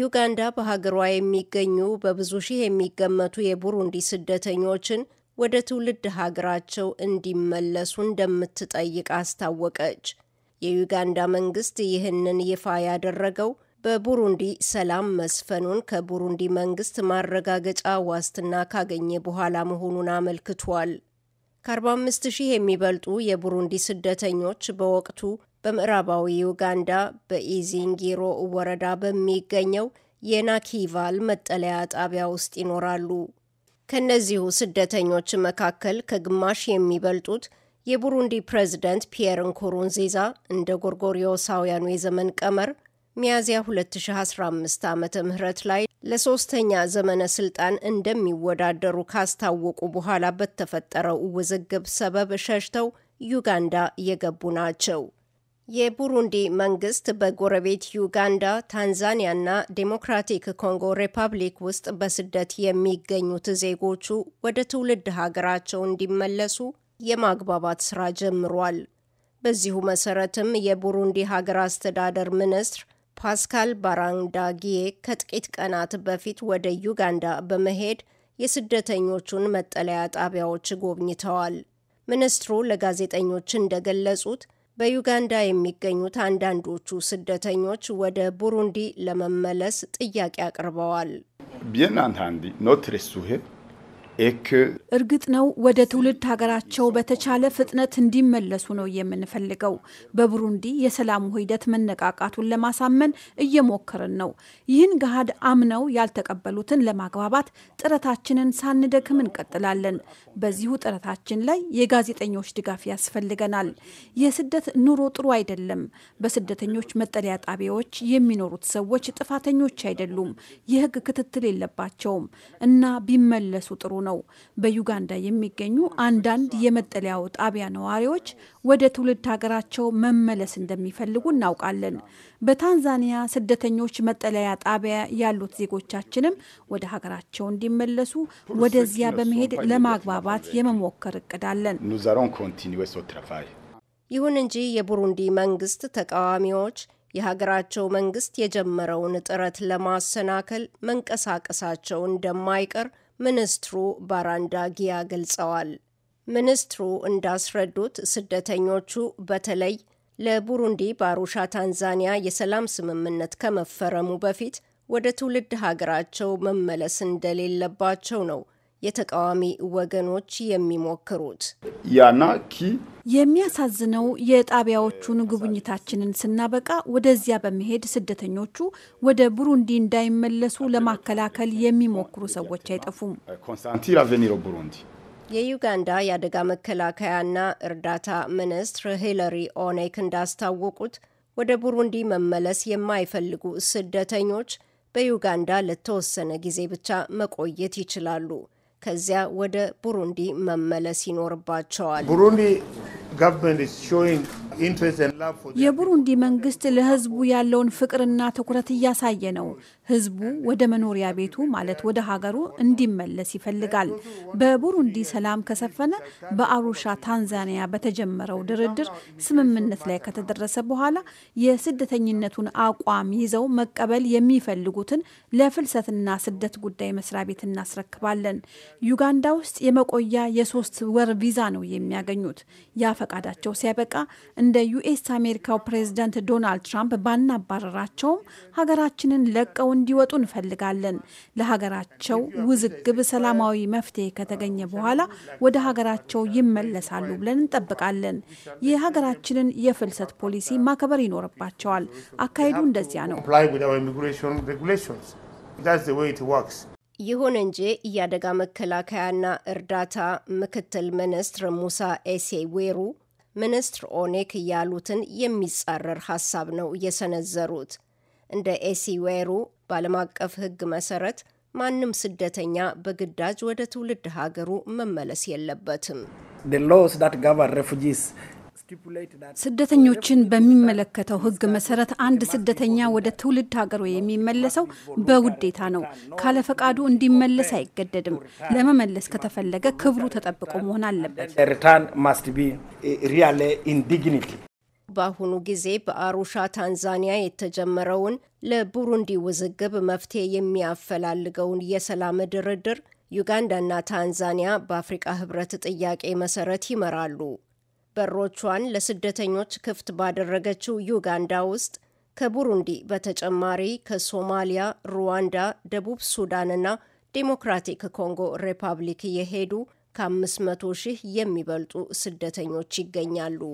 ዩጋንዳ በሀገሯ የሚገኙ በብዙ ሺህ የሚገመቱ የቡሩንዲ ስደተኞችን ወደ ትውልድ ሀገራቸው እንዲመለሱ እንደምትጠይቅ አስታወቀች። የዩጋንዳ መንግስት ይህንን ይፋ ያደረገው በቡሩንዲ ሰላም መስፈኑን ከቡሩንዲ መንግስት ማረጋገጫ ዋስትና ካገኘ በኋላ መሆኑን አመልክቷል። ከ45 ሺህ የሚበልጡ የቡሩንዲ ስደተኞች በወቅቱ በምዕራባዊ ዩጋንዳ በኢዚንጊሮ ወረዳ በሚገኘው የናኪቫል መጠለያ ጣቢያ ውስጥ ይኖራሉ። ከእነዚሁ ስደተኞች መካከል ከግማሽ የሚበልጡት የቡሩንዲ ፕሬዝደንት ፒየር ንኩሩንዚዛ እንደ ጎርጎሪዮሳውያኑ የዘመን ቀመር ሚያዝያ 2015 ዓ ም ላይ ለሶስተኛ ዘመነ ስልጣን እንደሚወዳደሩ ካስታወቁ በኋላ በተፈጠረው ውዝግብ ሰበብ ሸሽተው ዩጋንዳ የገቡ ናቸው። የቡሩንዲ መንግስት በጎረቤት ዩጋንዳ፣ ታንዛኒያና ዴሞክራቲክ ኮንጎ ሪፐብሊክ ውስጥ በስደት የሚገኙት ዜጎቹ ወደ ትውልድ ሀገራቸው እንዲመለሱ የማግባባት ስራ ጀምሯል። በዚሁ መሰረትም የቡሩንዲ ሀገር አስተዳደር ሚኒስትር ፓስካል ባራንዳጊዬ ከጥቂት ቀናት በፊት ወደ ዩጋንዳ በመሄድ የስደተኞቹን መጠለያ ጣቢያዎች ጎብኝተዋል። ሚኒስትሩ ለጋዜጠኞች እንደገለጹት በዩጋንዳ የሚገኙት አንዳንዶቹ ስደተኞች ወደ ቡሩንዲ ለመመለስ ጥያቄ አቅርበዋል። እርግጥ ነው ወደ ትውልድ ሀገራቸው በተቻለ ፍጥነት እንዲመለሱ ነው የምንፈልገው። በቡሩንዲ የሰላሙ ሂደት መነቃቃቱን ለማሳመን እየሞከርን ነው። ይህን ገሃድ አምነው ያልተቀበሉትን ለማግባባት ጥረታችንን ሳንደክም እንቀጥላለን። በዚሁ ጥረታችን ላይ የጋዜጠኞች ድጋፍ ያስፈልገናል። የስደት ኑሮ ጥሩ አይደለም። በስደተኞች መጠለያ ጣቢያዎች የሚኖሩት ሰዎች ጥፋተኞች አይደሉም። የህግ ክትትል የለባቸውም እና ቢመለሱ ጥሩ ነው። ዩጋንዳ የሚገኙ አንዳንድ የመጠለያው ጣቢያ ነዋሪዎች ወደ ትውልድ ሀገራቸው መመለስ እንደሚፈልጉ እናውቃለን። በታንዛኒያ ስደተኞች መጠለያ ጣቢያ ያሉት ዜጎቻችንም ወደ ሀገራቸው እንዲመለሱ ወደዚያ በመሄድ ለማግባባት የመሞከር እቅድ አለን። ይሁን እንጂ የቡሩንዲ መንግስት ተቃዋሚዎች የሀገራቸው መንግስት የጀመረውን ጥረት ለማሰናከል መንቀሳቀሳቸው እንደማይቀር ሚኒስትሩ ጊያ ገልጸዋል። ሚኒስትሩ እንዳስረዱት ስደተኞቹ በተለይ ለቡሩንዲ በአሩሻ ታንዛኒያ የሰላም ስምምነት ከመፈረሙ በፊት ወደ ትውልድ ሀገራቸው መመለስ እንደሌለባቸው ነው የተቃዋሚ ወገኖች የሚሞክሩት ያና ኪ የሚያሳዝነው የጣቢያዎቹን ጉብኝታችንን ስናበቃ ወደዚያ በመሄድ ስደተኞቹ ወደ ቡሩንዲ እንዳይመለሱ ለማከላከል የሚሞክሩ ሰዎች አይጠፉም። የዩጋንዳ የአደጋ መከላከያና እርዳታ ሚኒስትር ሂለሪ ኦኔክ እንዳስታወቁት ወደ ቡሩንዲ መመለስ የማይፈልጉ ስደተኞች በዩጋንዳ ለተወሰነ ጊዜ ብቻ መቆየት ይችላሉ። ከዚያ ወደ ቡሩንዲ መመለስ ይኖርባቸዋል። ቡሩንዲ government is showing የቡሩንዲ መንግስት ለህዝቡ ያለውን ፍቅርና ትኩረት እያሳየ ነው። ህዝቡ ወደ መኖሪያ ቤቱ ማለት ወደ ሀገሩ እንዲመለስ ይፈልጋል። በቡሩንዲ ሰላም ከሰፈነ በአሩሻ ታንዛኒያ በተጀመረው ድርድር ስምምነት ላይ ከተደረሰ በኋላ የስደተኝነቱን አቋም ይዘው መቀበል የሚፈልጉትን ለፍልሰትና ስደት ጉዳይ መስሪያ ቤት እናስረክባለን። ዩጋንዳ ውስጥ የመቆያ የሶስት ወር ቪዛ ነው የሚያገኙት። ያ ፈቃዳቸው ሲያበቃ እንደ ዩኤስ አሜሪካው ፕሬዝዳንት ዶናልድ ትራምፕ ባናባረራቸውም ሀገራችንን ለቀው እንዲወጡ እንፈልጋለን። ለሀገራቸው ውዝግብ ሰላማዊ መፍትሄ ከተገኘ በኋላ ወደ ሀገራቸው ይመለሳሉ ብለን እንጠብቃለን። የሀገራችንን የፍልሰት ፖሊሲ ማክበር ይኖርባቸዋል። አካሄዱ እንደዚያ ነው። ይሁን እንጂ የአደጋ መከላከያና እርዳታ ምክትል ሚኒስትር ሙሳ ኤሴ ዌሩ ሚኒስትር ኦኔክ ያሉትን የሚጻረር ሀሳብ ነው የሰነዘሩት። እንደ ኤሲዌሩ በዓለም አቀፍ ሕግ መሰረት ማንም ስደተኛ በግዳጅ ወደ ትውልድ ሀገሩ መመለስ የለበትም። ስደተኞችን በሚመለከተው ሕግ መሰረት አንድ ስደተኛ ወደ ትውልድ ሀገሩ የሚመለሰው በውዴታ ነው። ካለፈቃዱ እንዲመለስ አይገደድም። ለመመለስ ከተፈለገ ክብሩ ተጠብቆ መሆን አለበት። eh, eh, በአሁኑ ጊዜ በአሩሻ ታንዛኒያ የተጀመረውን ለቡሩንዲ ውዝግብ መፍትሄ የሚያፈላልገውን የሰላም ድርድር ዩጋንዳና ታንዛኒያ በአፍሪቃ ህብረት ጥያቄ መሰረት ይመራሉ። በሮቿን ለስደተኞች ክፍት ባደረገችው ዩጋንዳ ውስጥ ከቡሩንዲ በተጨማሪ ከሶማሊያ፣ ሩዋንዳ፣ ደቡብ ሱዳንና ዴሞክራቲክ ኮንጎ ሪፐብሊክ የሄዱ ከ500 ሺህ የሚበልጡ ስደተኞች ይገኛሉ።